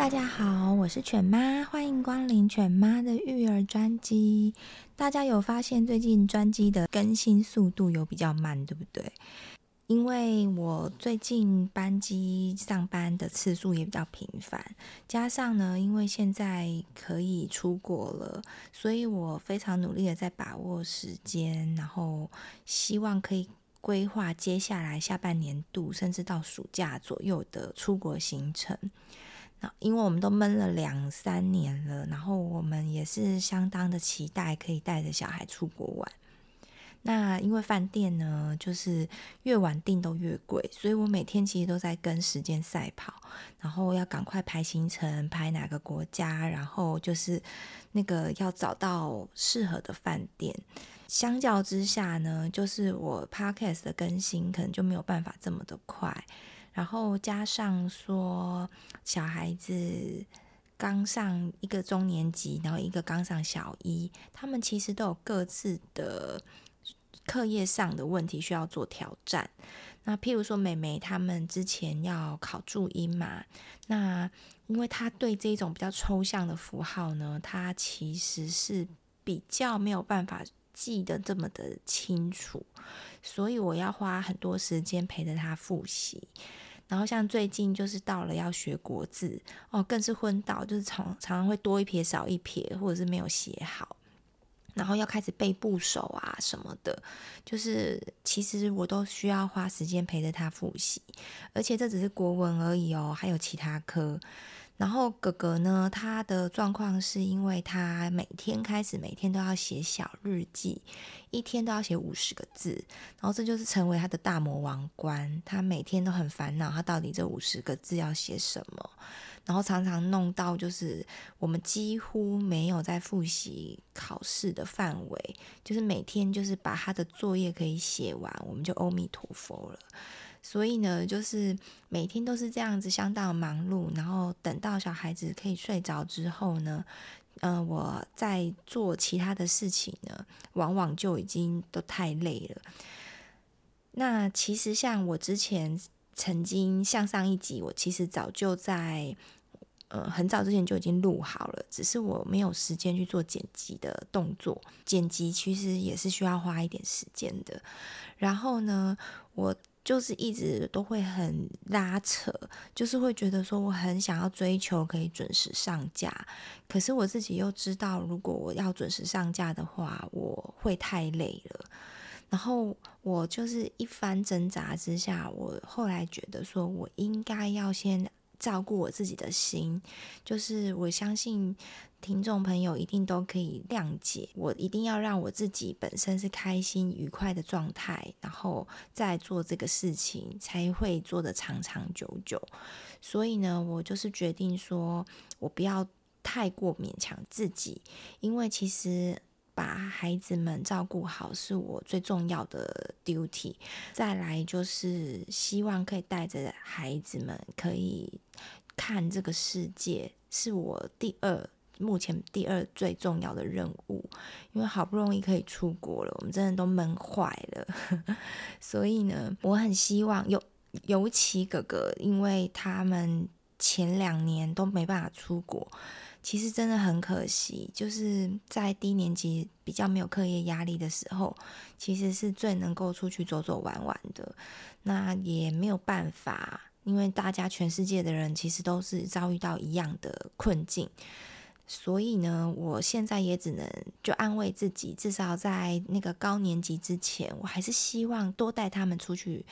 大家好，我是犬媽，歡迎光臨犬媽的育兒專輯。大家有發現最近專輯的更新速度有比較慢，對不對？因為我最近班機上班的次數也比較頻繁，加上呢，因為現在可以出國了，所以我非常努力的在把握時間，然後希望可以規劃接下來下半年度，甚至到暑假左右的出國行程。因為我們都悶了兩三年了，然後我們也是相當的期待可以帶着小孩出國玩。那因為飯店呢，就是越晚訂都越貴，所以我每天其實都在跟時間賽跑，然後要趕快排行程，排哪個國家，然後就是那個要找到適合的飯店。相較之下呢，就是我 podcast 的更新可能就沒有辦法這麼的快。然後加上說，小孩子剛上一個中年級，然後一個剛上小一，他們其實都有各自的課業上的問題需要做挑戰。那譬如說妹妹他們之前要考注音嘛，那因為他對這種比較抽象的符號呢，他其實是比較沒有辦法。記得這麼的清楚，所以我要花很多時間陪着他複習。然後像最近就是到了要學國字哦，更是昏倒，就是常常會多一撇少一撇，或者是沒有寫好。然後要開始背部首啊什麼的，就是其實我都需要花時間陪着他複習，而且這只是國文而已哦，還有其他科。然後哥哥呢，他的狀況是因為他每天開始每天都要寫小日記，一天都要寫五十個字，然後這就是成為他的大魔王關。他每天都很煩惱，他到底這五十個字要寫什麼？然後常常弄到就是我們幾乎沒有在複習考試的範圍，就是每天就是把他的作業可以寫完，我們就阿彌陀佛了。所以呢，就是每天都是這樣子，相當忙碌。然後等到小孩子可以睡着之後呢，嗯、呃，我在做其他的事情呢，往往就已經都太累了。那其實像我之前曾經向上一集，我其實早就在呃很早之前就已經錄好了，只是我沒有時間去做剪輯的動作。剪輯其實也是需要花一點時間的。然後呢，我。就是一直都會很拉扯，就是會覺得說我很想要追求可以準時上架，可是我自己又知道，如果我要準時上架的話，我會太累了。然後我就是一番掙扎之下，我後來覺得說我應該要先。照顧我自己的心，就是我相信聽眾朋友一定都可以諒解。我一定要讓我自己本身是開心、愉快的狀態，然後再做這個事情，才會做得長長久久。所以呢，我就是決定說，我不要太過勉強自己，因為其實。把孩子們照顧好是我最重要的 duty，再來就是希望可以帶着孩子們可以看這個世界，是我第二，目前第二最重要的任務。因為好不容易可以出國了，我們真的都悶壞了， 所以呢，我很希望尤、尤其哥哥，因為他們前兩年都沒辦法出國。其實真的很可惜，就是在低年級比較沒有課業壓力的時候，其實是最能夠出去走走玩玩的。那也沒有辦法，因為大家全世界的人其實都是遭遇到一樣的困境，所以呢，我現在也只能就安慰自己，至少在那個高年級之前，我還是希望多帶他們出去。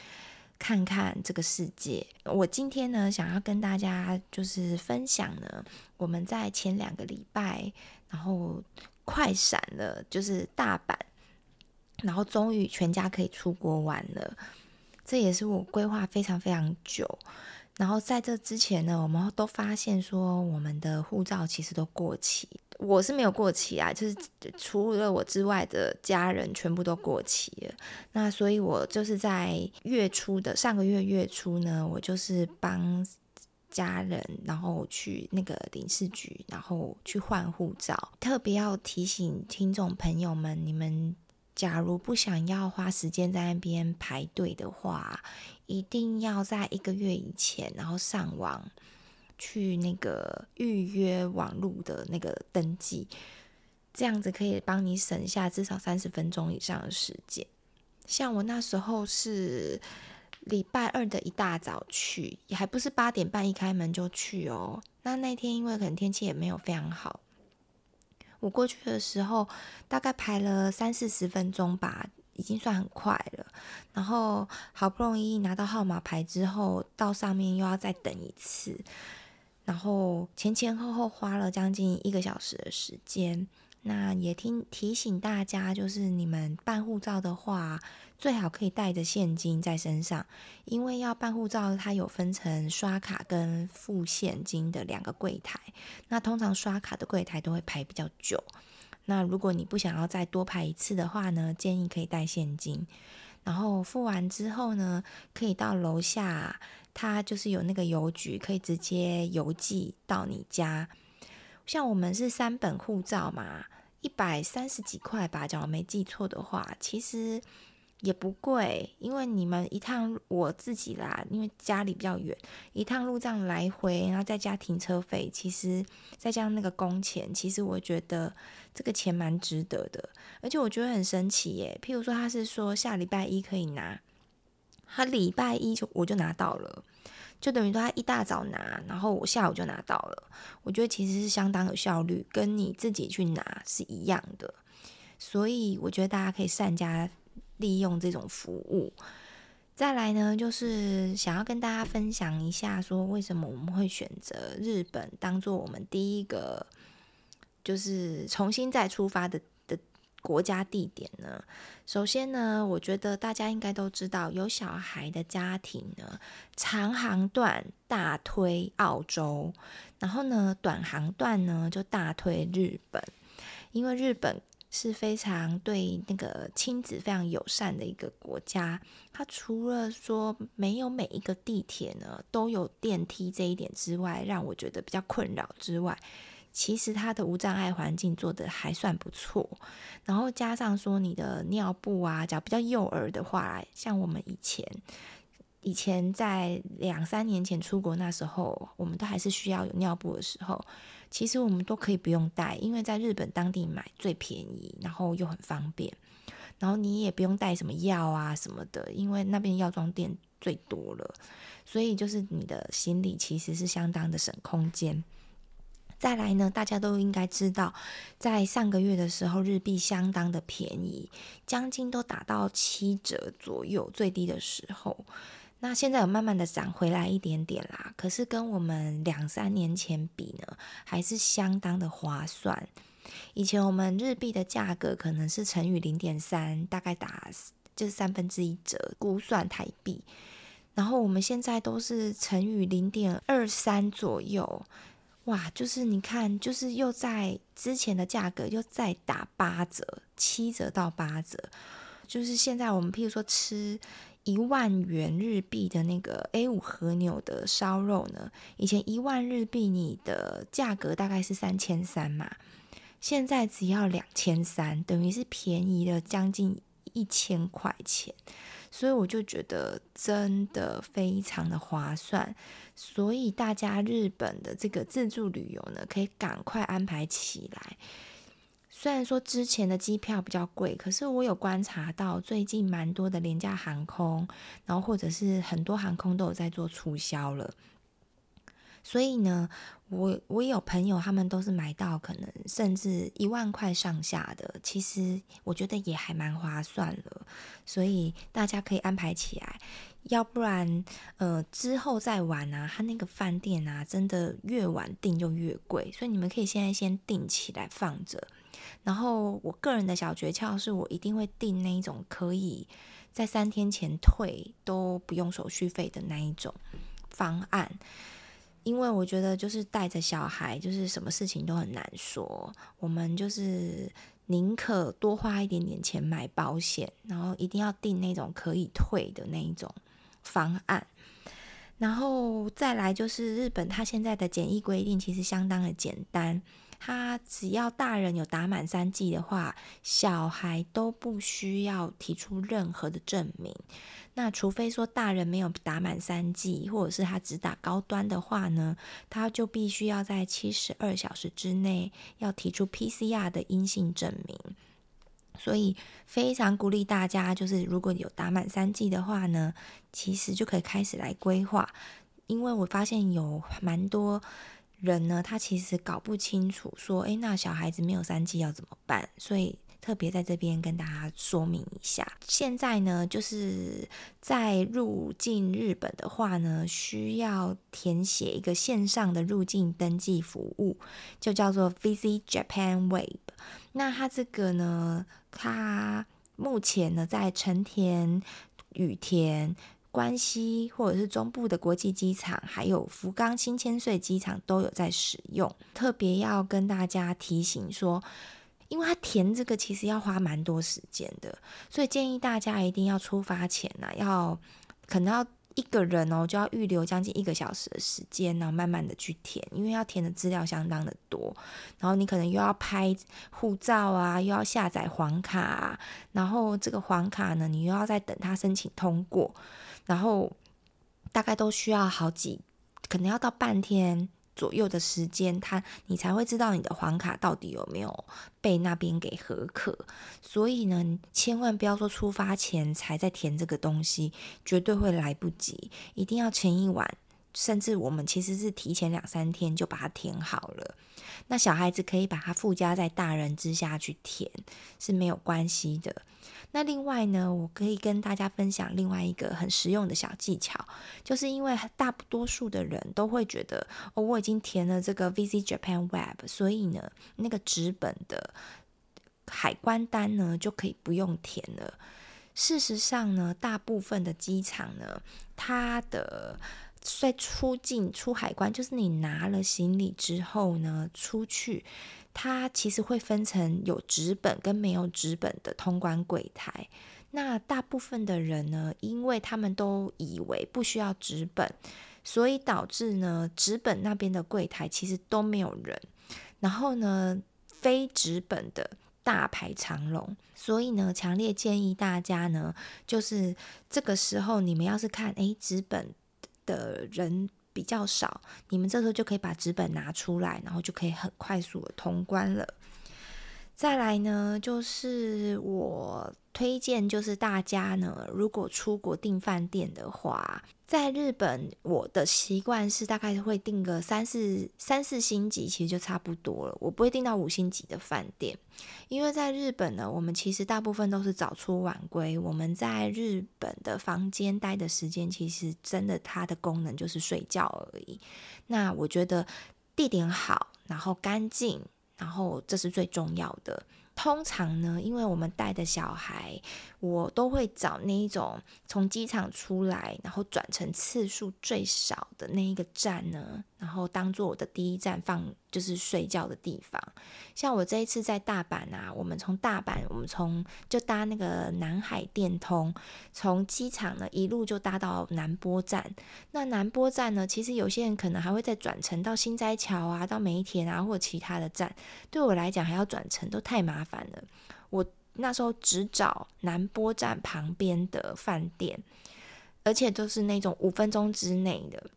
看看這個世界。我今天呢，想要跟大家就是分享呢，我們在前兩個禮拜，然後快閃了，就是大阪，然後終於全家可以出國玩了。這也是我規劃非常非常久。然後在這之前呢，我們都發現說我們的護照其實都過期。我是沒有過期啊，就是除了我之外的家人全部都過期了。那所以，我就是在月初的上個月月初呢，我就是幫家人，然後去那個領事局，然後去換護照。特別要提醒聽眾朋友們，你們。假如不想要花時間在那邊排隊的話，一定要在一個月以前，然後上網去那個預約網路的那個登記，這樣子可以幫你省下至少三十分鐘以上的時間。像我那時候是禮拜二的一大早去，也還不是八點半一開門就去哦。那那天因為可能天氣也沒有非常好。我過去的時候，大概排了三四十分鐘吧，已經算很快了。然後好不容易拿到號碼牌之後，到上面又要再等一次，然後前前後後花了將近一個小時的時間。那也聽提醒大家，就是你們辦護照的話，最好可以帶着現金在身上，因為要辦護照，它有分成刷卡跟付現金的兩個櫃台。那通常刷卡的櫃台都會排比較久，那如果你不想要再多排一次的話呢，建議可以帶現金。然後付完之後呢，可以到樓下，它就是有那個郵局，可以直接郵寄到你家。像我們是三本護照嘛。一百三十幾塊吧，假如沒記錯的話，其實也不貴。因為你們一趟我自己啦，因為家裡比較遠，一趟路障來回，然後再加停車費，其實再加上那個工錢，其實我覺得這個錢蠻值得的。而且我覺得很神奇耶、欸，譬如說他是說下禮拜一可以拿，他禮拜一就我就拿到了。就等於說他一大早拿，然後我下午就拿到了。我覺得其實是相當有效率，跟你自己去拿是一樣的。所以我覺得大家可以善加利用這種服務。再來呢，就是想要跟大家分享一下，說為什麼我們會選擇日本當做我們第一個，就是重新再出發的。國家地點呢？首先呢，我覺得大家應該都知道，有小孩的家庭呢，長航段大推澳洲，然後呢，短航段呢就大推日本，因為日本是非常對那個親子非常友善的一個國家。它除了說沒有每一個地鐵呢都有電梯這一點之外，讓我覺得比較困擾之外。其實他的無障礙環境做的還算不錯，然後加上說你的尿布啊，假如比較幼兒的話，像我們以前，以前在兩三年前出國那時候，我們都還是需要有尿布的時候，其實我們都可以不用帶，因為在日本當地買最便宜，然後又很方便，然後你也不用帶什麼藥啊什麼的，因為那邊藥妝店最多了，所以就是你的行李其實是相當的省空間。再來呢，大家都應該知道，在上個月的時候，日幣相當的便宜，將近都打到七折左右最低的時候。那現在有慢慢的漲回來一點點啦，可是跟我們兩三年前比呢，還是相當的划算。以前我們日幣的價格可能是乘以零點三，大概打就是三分之一折估算台幣，然後我們現在都是乘以零點二三左右。哇，就是你看，就是又在之前的價格又再打八折七折到八折，就是現在我們譬如說吃一萬元日幣的那個 A 五和牛的燒肉呢，以前一萬日幣你的價格大概是三千三嘛，現在只要兩千三，等於是便宜了將近一千塊錢。所以我就覺得真的非常的划算，所以大家日本的這個自助旅遊呢，可以趕快安排起來。雖然說之前的機票比較貴，可是我有觀察到最近蠻多的廉價航空，然後或者是很多航空都有在做促銷了。所以呢，我我有朋友他們都是買到可能甚至一萬塊上下的，其實我覺得也還蠻划算了。所以大家可以安排起來，要不然呃之後再玩啊，他那個飯店啊，真的越晚訂就越貴。所以你們可以現在先訂起來放着。然後我個人的小訣竅是我一定會訂那一種可以在三天前退都不用手續費的那一種方案。因為我覺得，就是帶着小孩，就是什麼事情都很難說。我們就是寧可多花一點點錢買保險，然後一定要定那種可以退的那一種方案。然後再來就是日本，他現在的檢疫規定其實相當的簡單。他只要大人有打滿三劑的話，小孩都不需要提出任何的證明。那除非說大人沒有打滿三劑，或者是他只打高端的話呢，他就必須要在七十二小時之內要提出 PCR 的陰性證明。所以非常鼓勵大家，就是如果有打滿三劑的話呢，其實就可以開始來規劃。因為我發現有蠻多人呢，他其實搞不清楚，說，誒那小孩子沒有三劑要怎麼辦？所以特別在這邊跟大家說明一下。現在呢，就是在入境日本的話呢，需要填寫一個線上的入境登記服務，就叫做 Visit Japan Web。那它這個呢，它目前呢，在成田、羽田。關西或者是中部的國際機場，還有福岡新千歲機場都有在使用。特別要跟大家提醒說，因為它填這個其實要花蠻多時間的，所以建議大家一定要出發前呢、啊，要可能要一個人哦、喔，就要預留將近一個小時的時間，然後慢慢的去填，因為要填的資料相當的多，然後你可能又要拍護照啊，又要下載黃卡啊，然後這個黃卡呢，你又要再等它申請通過。然後大概都需要好幾，可能要到半天左右的時間，他你才會知道你的黃卡到底有沒有被那邊給核可。所以呢，千萬不要說出發前才在填這個東西，絕對會來不及，一定要前一晚。甚至我們其實是提前兩三天就把它填好了。那小孩子可以把它附加在大人之下去填是沒有關係的。那另外呢，我可以跟大家分享另外一個很實用的小技巧，就是因為大多數的人都會覺得哦，我已經填了這個 Visit Japan Web，所以呢，那個紙本的海關單呢就可以不用填了。事實上呢，大部分的機場呢，它的在出境出海關，就是你拿了行李之後呢，出去，它其實會分成有紙本跟沒有紙本的通關櫃檯。那大部分的人呢，因為他們都以為不需要紙本，所以導致呢紙本那邊的櫃檯其實都沒有人，然後呢非紙本的大排長龍。所以呢，強烈建議大家呢，就是這個時候你們要是看誒，紙本的人比較少，你們這時候就可以把紙本拿出來，然後就可以很快速的通關了。再來呢，就是我推薦，就是大家呢，如果出國訂飯店的話。在日本，我的習慣是大概會訂個三四三四星級，其實就差不多了。我不會訂到五星級的飯店，因為在日本呢，我們其實大部分都是早出晚歸。我們在日本的房間待的時間，其實真的它的功能就是睡覺而已。那我覺得地點好，然後乾淨，然後這是最重要的。通常呢，因為我們帶的小孩，我都會找那一種從機場出來，然後轉乘次數最少的那一個站呢，然後當做我的第一站放，就是睡覺的地方。像我這一次在大阪啊，我們從大阪，我們從就搭那個南海電通，從機場呢一路就搭到南波站。那南波站呢，其實有些人可能還會再轉乘到心齋橋啊，到梅田啊，或者其他的站。對我來講，還要轉乘都太麻煩。煩我那時候只找難波站旁邊的飯店，而且都是那種五分鐘之內的。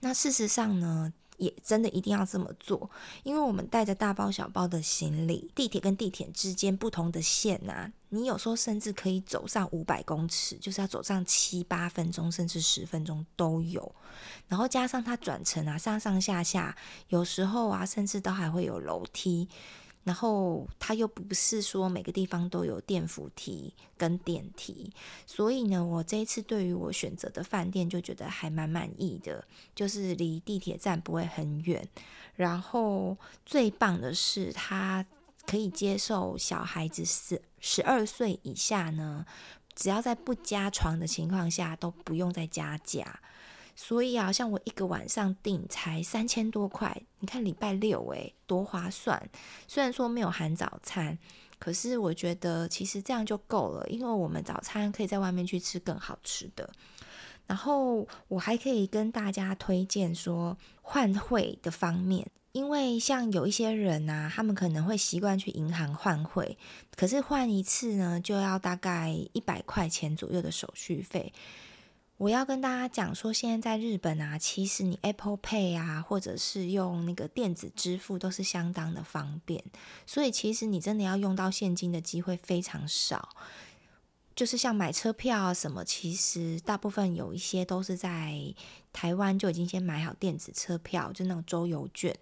那事實上呢，也真的一定要這麼做，因為我們帶着大包小包的行李，地鐵跟地鐵之間不同的線啊，你有時候甚至可以走上五百公尺，就是要走上七八分鐘，甚至十分鐘都有。然後加上它轉乘啊，上上下下，有時候啊，甚至都還會有樓梯。然後他又不是說每個地方都有電扶梯跟電梯，所以呢，我這一次對於我選擇的飯店就覺得還蠻滿意的，就是離地鐵站不會很遠。然後最棒的是，他可以接受小孩子十十二歲以下呢，只要在不加床的情況下，都不用再加價。所以啊，像我一個晚上訂才三千多塊，你看禮拜六誒，多划算！雖然說沒有含早餐，可是我覺得其實這樣就夠了，因為我們早餐可以在外面去吃更好吃的。然後我還可以跟大家推薦說換匯的方面，因為像有一些人啊，他們可能會習慣去銀行換匯，可是換一次呢，就要大概一百塊錢左右的手續費。我要跟大家講說，現在在日本啊，其實你 Apple Pay 啊，或者是用那個電子支付，都是相當的方便。所以其實你真的要用到現金的機會非常少。就是像買車票啊什麼，其實大部分有一些都是在台灣就已經先買好電子車票，就是那種周遊券。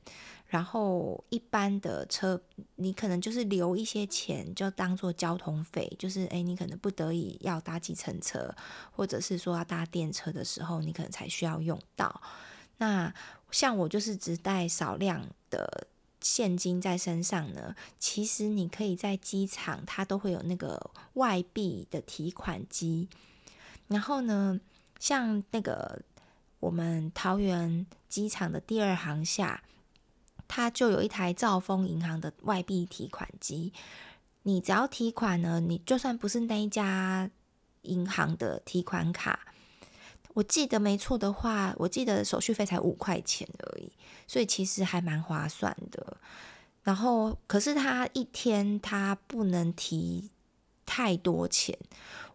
然後一般的車，你可能就是留一些錢，就當做交通費。就是誒、誒，你可能不得已要搭計程車，或者是說要搭電車的時候，你可能才需要用到。那像我就是只帶少量的現金在身上呢。其實你可以在機場，它都會有那個外幣的提款機。然後呢，像那個我們桃園機場的第二航廈。他就有一台兆豐銀行的外幣提款機，你只要提款呢，你就算不是那一家銀行的提款卡，我記得沒錯的話，我記得手續費才五塊錢而已，所以其實還蠻划算的。然後，可是他一天他不能提太多錢，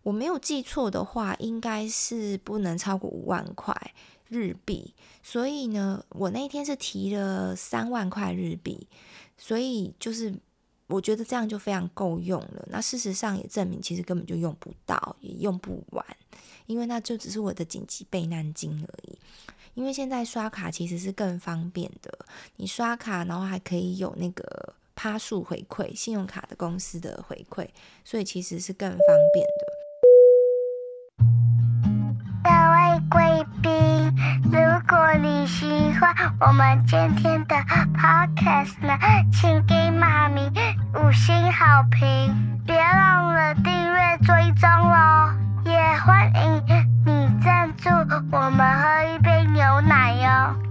我沒有記錯的話，應該是不能超過五萬塊。日幣，所以呢，我那天是提了三萬塊日幣，所以就是我覺得這樣就非常夠用了。那事實上也證明，其實根本就用不到，也用不完，因為那就只是我的緊急備難金而已。因為現在刷卡其實是更方便的，你刷卡然後還可以有那個趴數回饋，信用卡的公司的回饋，所以其實是更方便的。你喜歡我們今天的 podcast 嗎？請給媽咪五星好評，別忘了訂閱追蹤哦！也歡迎你贊助我們喝一杯牛奶喲、哦。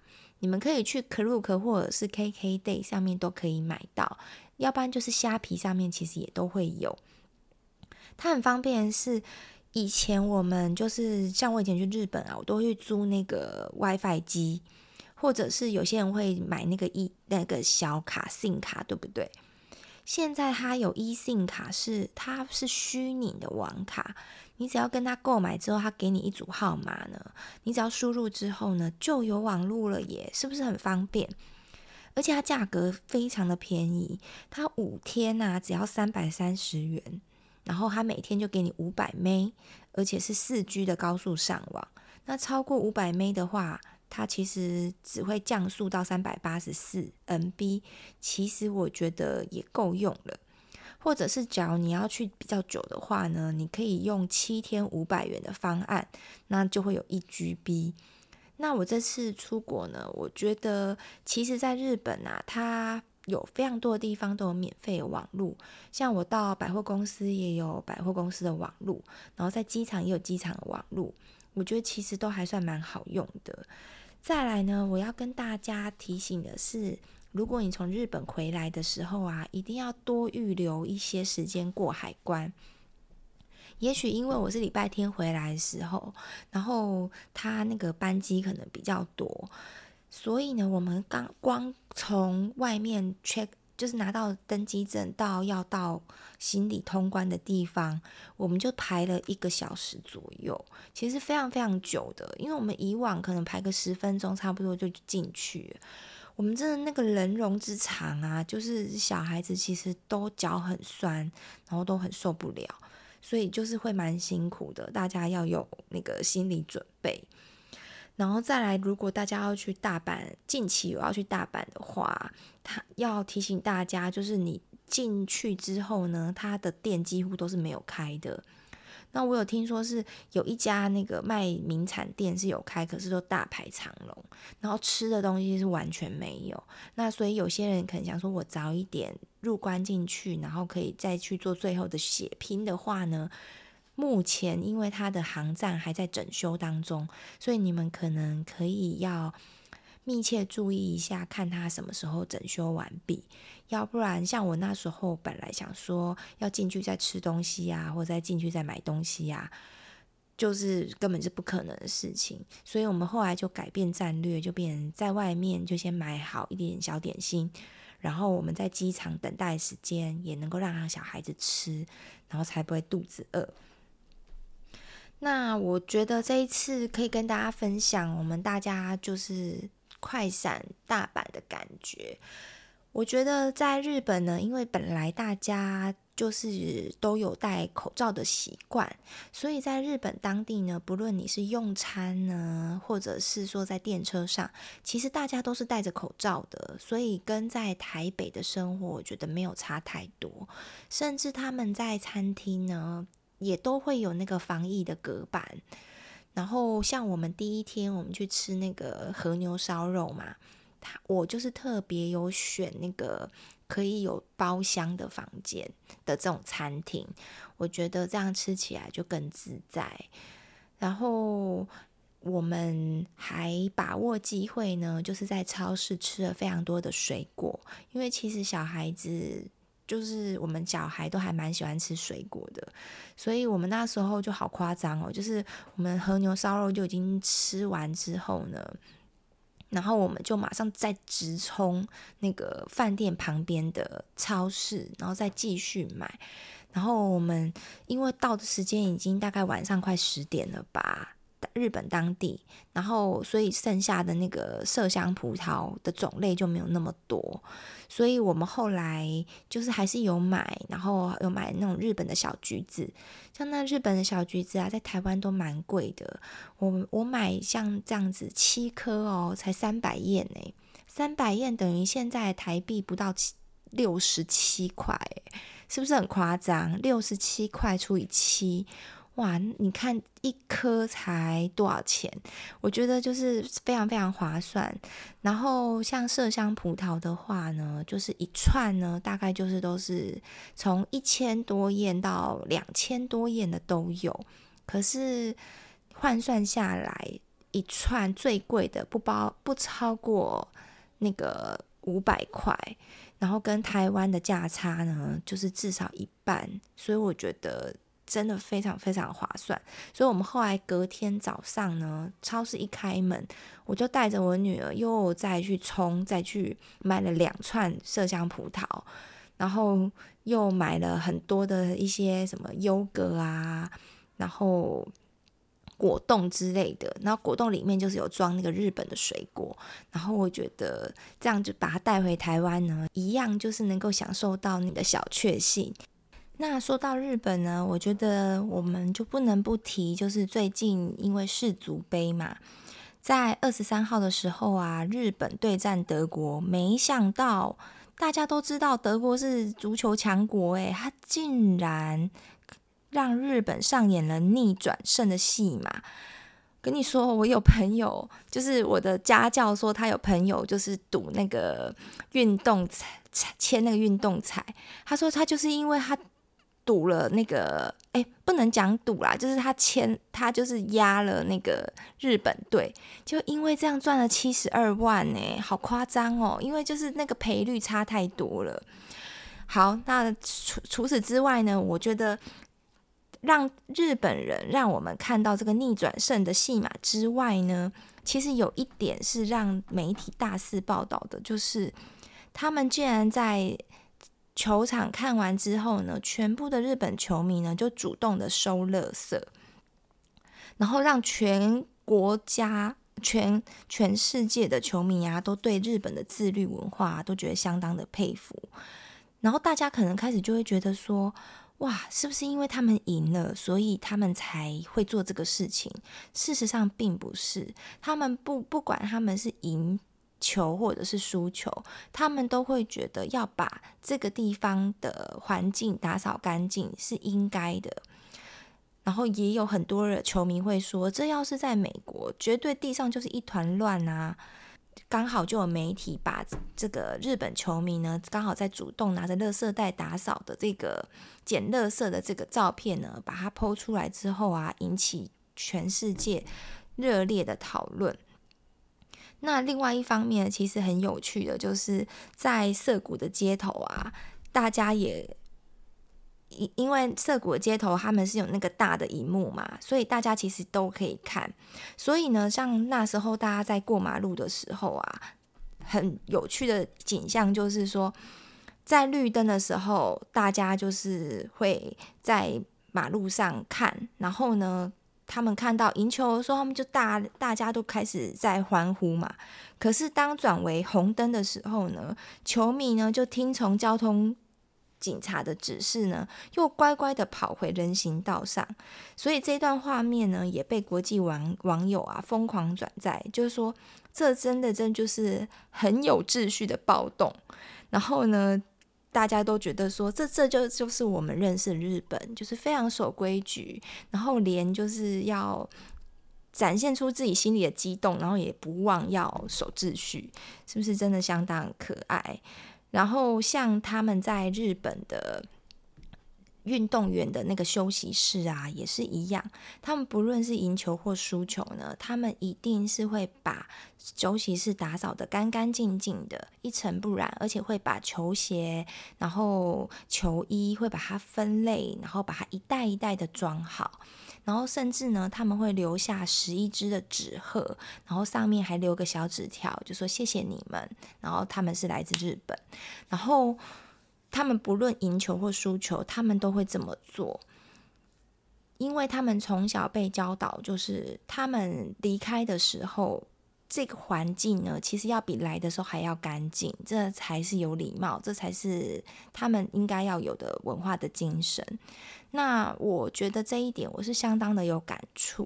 你們可以去 Klook 或者是 KKday 上面都可以買到，要不然就是蝦皮上面其實也都會有。它很方便是，是以前我們就是像我以前去日本啊，我都會去租那個 WiFi 機，或者是有些人會買那個一、e, 那個小卡 SIM 卡，對不對？現在它有 eSIM 卡是，是它是虛擬的網卡。你只要跟他購買之後，他給你一組號碼呢。你只要輸入之後呢，就有網絡了耶，也是不是很方便？而且它價格非常的便宜，它五天吶、啊、只要三百三十元，然後它每天就給你五百 Mbps，而且是四 G 的高速上網。那超過五百 Mbps 的話，它其實只會降速到三百八十四 MB。其實我覺得也夠用了。或者是，假如你要去比較久的話呢，你可以用七天五百元的方案，那就會有一 GB。那我這次出國呢，我覺得其實在日本啊，它有非常多的地方都有免費的網絡，像我到百貨公司也有百貨公司的網絡，然後在機場也有機場的網絡，我覺得其實都還算蠻好用的。再來呢，我要跟大家提醒的是，如果你從日本回來的時候啊，一定要多預留一些時間過海關。也許因為我是禮拜天回來的時候，然後他那個班機可能比較多，所以呢，我們剛光從外面 check，就是拿到登機證到要到行李通關的地方，我們就排了一個小時左右，其實非常非常久的，因為我們以往可能排個十分鐘，差不多就進去。我們真的那個人龍之長啊，就是小孩子其實都腳很酸，然後都很受不了，所以就是會蠻辛苦的，大家要有那個心理準備。然後再來，如果大家要去大阪，近期我要去大阪的話，他要提醒大家，就是你進去之後呢，他的店幾乎都是沒有開的。那我有聽說是有一家那個賣名產店是有開，可是都大排長龍，然後吃的東西是完全沒有。那所以有些人可能想說，我早一點入關進去，然後可以再去做最後的血拼的話呢，目前因為它的航站還在整修當中，所以你們可能可以要，密切注意一下，看他什麼時候整修完畢，要不然像我那時候本來想說要進去再吃東西啊，或者再進去再買東西啊，就是根本是不可能的事情。所以我們後來就改變戰略，就變成在外面就先買好一點小點心，然後我們在機場等待時間也能夠讓他小孩子吃，然後才不會肚子餓。那我覺得這一次可以跟大家分享，我們大家就是。快閃大阪的感覺，我覺得在日本呢，因為本來大家就是都有戴口罩的習慣，所以在日本當地呢，不論你是用餐呢，或者是說在電車上，其實大家都是戴着口罩的，所以跟在台北的生活，我覺得沒有差太多，甚至他們在餐廳呢，也都會有那個防疫的隔板。然後像我們第一天，我們去吃那個和牛燒肉嘛，他我就是特別有選那個可以有包廂的房間的這種餐廳，我覺得這樣吃起來就更自在。然後我們還把握機會呢，就是在超市吃了非常多的水果，因為其實小孩子。就是我們小孩都還蠻喜歡吃水果的，所以我們那時候就好誇張哦，就是我們和牛燒肉就已經吃完之後呢，然後我們就馬上再直衝那個飯店旁邊的超市，然後再繼續買。然後我們因為到的時間已經大概晚上快十點了吧。日本當地，然後所以剩下的那個麝香葡萄的種類就沒有那麼多，所以我們後來就是還是有買，然後有買那種日本的小橘子，像那日本的小橘子啊，在台灣都蠻貴的。我我買像這樣子七顆哦，才三百 yen 欸，三百 yen 等於現在台幣不到七六十七塊，欸，是不是很誇張？六十七塊除以七。哇，你看一顆才多少錢？我覺得就是非常非常划算。然後像麝香葡萄的話呢，就是一串呢，大概就是都是從一千多円到兩千多円的都有。可是換算下來，一串最貴的不包不超過那個五百塊，然後跟台灣的價差呢，就是至少一半。所以我覺得。真的非常非常划算，所以我們後來隔天早上呢，超市一開門，我就帶着我女兒又再去衝，再去買了兩串麝香葡萄，然後又買了很多的一些什麼優格啊，然後果凍之類的。然後果凍裡面就是有裝那個日本的水果，然後我覺得這樣就把它帶回台灣呢，一樣就是能夠享受到你的小確幸。那說到日本呢，我覺得我們就不能不提，就是最近因為世足杯嘛，在二十三號的時候啊，日本對戰德國，沒想到大家都知道德國是足球強國，欸，誒，他竟然讓日本上演了逆轉勝的戲碼。跟你說，我有朋友，就是我的家教說他有朋友就是賭那個運動彩，簽那個運動彩，他說他就是因為他。賭了那個，哎、欸，不能講賭啦，就是他簽，他就是壓了那個日本隊，就因為這樣賺了七十二萬、欸，哎，好誇張哦！因為就是那個賠率差太多了。好，那除除此之外呢，我覺得讓日本人讓我們看到這個逆轉勝的戲碼之外呢，其實有一點是讓媒體大肆報道的，就是他們竟然在。球場看完之後呢，全部的日本球迷呢就主動的收垃圾，然後讓全國家、全全世界的球迷啊，都對日本的自律文化啊，都覺得相當的佩服。然後大家可能開始就會覺得說，哇，是不是因為他們贏了，所以他們才會做這個事情？事實上並不是，他們不不管他們是贏。球或者是輸球，他們都會覺得要把這個地方的環境打掃乾淨是應該的。然後也有很多的球迷會說，這要是在美國，絕對地上就是一團亂啊！剛好就有媒體把這個日本球迷呢，剛好在主動拿着垃圾袋打掃的這個撿垃圾的這個照片呢，把它 PO 出來之後啊，引起全世界熱烈的討論。那另外一方面，其實很有趣的，就是在澀谷的街頭啊，大家也因為澀谷的街頭，他們是有那個大的熒幕嘛，所以大家其實都可以看。所以呢，像那時候大家在過馬路的時候啊，很有趣的景象就是說，在綠燈的時候，大家就是會在馬路上看，然後呢。他們看到贏球的時候，他們就大大家都開始在歡呼嘛。可是當轉為紅燈的時候呢，球迷呢就聽從交通警察的指示呢，又乖乖的跑回人行道上。所以這段畫面呢，也被國際網網友啊瘋狂轉載。就是說，這真的真就是很有秩序的暴動。然後呢，大家都覺得說，這這就就是我們認識的日本，就是非常守規矩，然後連就是要展現出自己心裡的激動，然後也不忘要守秩序，是不是真的相當可愛？然後像他們在日本的。運動員的那個休息室啊，也是一樣。他們不論是贏球或輸球呢，他們一定是會把休息室打掃得干干淨淨的，一塵不染，而且會把球鞋，然後球衣會把它分類，然後把它一袋一袋的裝好。然後甚至呢，他們會留下十一隻的紙鶴，然後上面還留個小紙條，就說謝謝你們。然後他們是來自日本，然後。他們不論贏球或輸球，他們都會這麼做，因為他們從小被教導，就是他們離開的時候，這個環境呢，其實要比來的時候還要乾淨，這才是有禮貌，這才是他們應該要有的文化的精神。那我覺得這一點，我是相當的有感觸。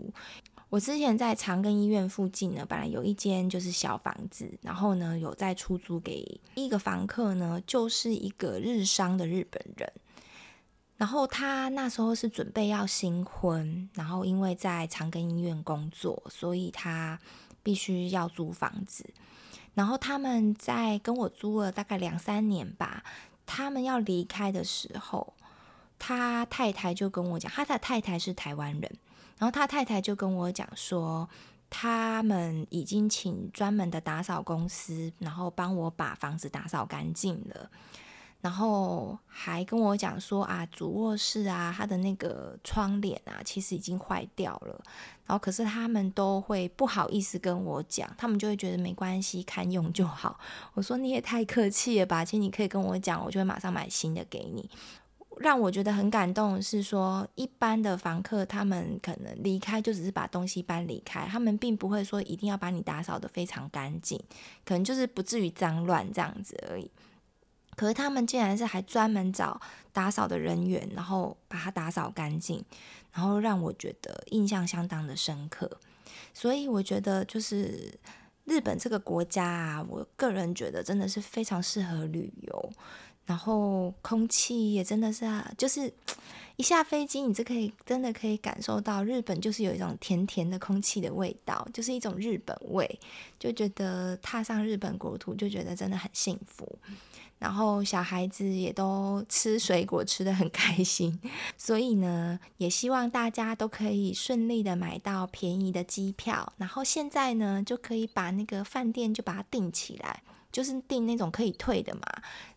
我之前在長庚醫院附近呢，本來有一間就是小房子，然後呢，有在出租給一個房客呢，就是一個日商的日本人。然後他那時候是準備要新婚，然後因為在長庚醫院工作，所以他必須要租房子。然後他們在跟我租了大概兩三年吧，他們要離開的時候。他太太就跟我講，他的太太是台灣人，然後他太太就跟我講說，他們已經請專門的打掃公司，然後幫我把房子打掃乾淨了，然後還跟我講說啊，主臥室啊，他的那個窗簾啊，其實已經壞掉了，然後可是他們都會不好意思跟我講，他們就會覺得沒關係，堪用就好。我說你也太客氣了吧！其實你可以跟我講，我就會馬上買新的給你。讓我覺得很感動是說，一般的房客他們可能離開就只是把東西搬離開，他們並不會說一定要把你打掃得非常乾淨，可能就是不至於髒亂這樣子而已。可是他們竟然是還專門找打掃的人員，然後把它打掃乾淨，然後讓我覺得印象相當的深刻。所以我覺得就是日本這個國家啊，我個人覺得真的是非常適合旅遊。然後空氣也真的是啊，就是一下飛機，你就可以真的可以感受到日本就是有一種甜甜的空氣的味道，就是一種日本味，就覺得踏上日本國土就覺得真的很幸福。然後小孩子也都吃水果吃得很開心，所以呢，也希望大家都可以順利的買到便宜的機票，然後現在呢就可以把那個飯店就把它訂起來。就是訂那種可以退的嘛，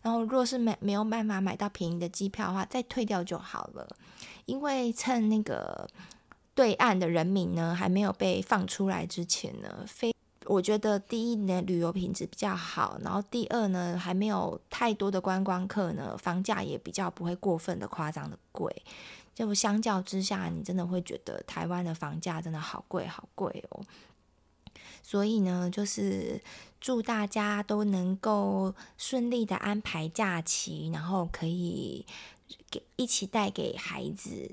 然後若是沒沒有辦法買到便宜的機票的話，再退掉就好了。因為趁那個對岸的人民呢還沒有被放出來之前呢，非我覺得第一呢旅遊品質比較好，然後第二呢還沒有太多的觀光客呢，房價也比較不會過分的誇張的貴。就相較之下，你真的會覺得台灣的房價真的好貴好貴哦。所以呢，就是祝大家都能夠順利的安排假期，然後可以給一起帶給孩子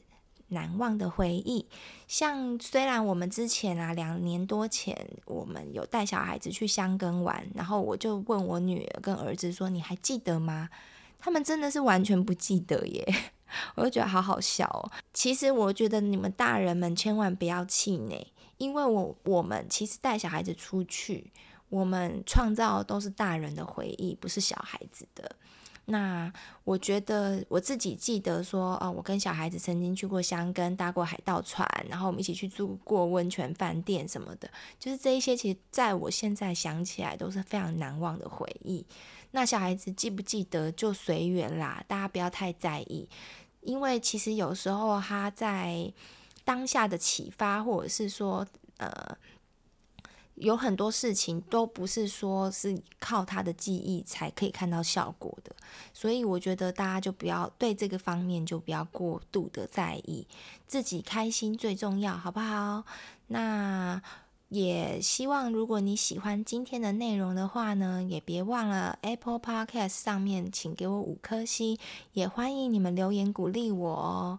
難忘的回憶。像雖然我們之前啊，兩年多前我們有帶小孩子去香港玩，然後我就問我女兒跟兒子說：“你還記得嗎？”他們真的是完全不記得耶，我就覺得好好笑哦。其實我覺得你們大人們千萬不要氣餒。因為我我們其實帶小孩子出去，我們創造都是大人的回憶，不是小孩子的。那我覺得我自己記得說，哦，我跟小孩子曾經去過箱根，搭過海盜船，然後我們一起去住過溫泉飯店什麼的，就是這一些，其實在我現在想起來都是非常難忘的回憶。那小孩子記不記得就隨緣啦，大家不要太在意，因為其實有時候他在。當下的啟發，或者是說，呃，有很多事情都不是說是靠他的記憶才可以看到效果的，所以我覺得大家就不要對這個方面就不要過度的在意，自己開心最重要，好不好？那也希望如果你喜歡今天的內容的話呢，也別忘了 Apple Podcast 上面請給我五顆星，也歡迎你們留言鼓勵我哦。